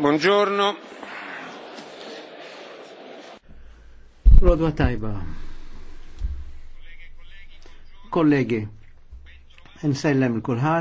Buongiorno. Rodwa Tajba. Kollegi, nsellem il-kulħat.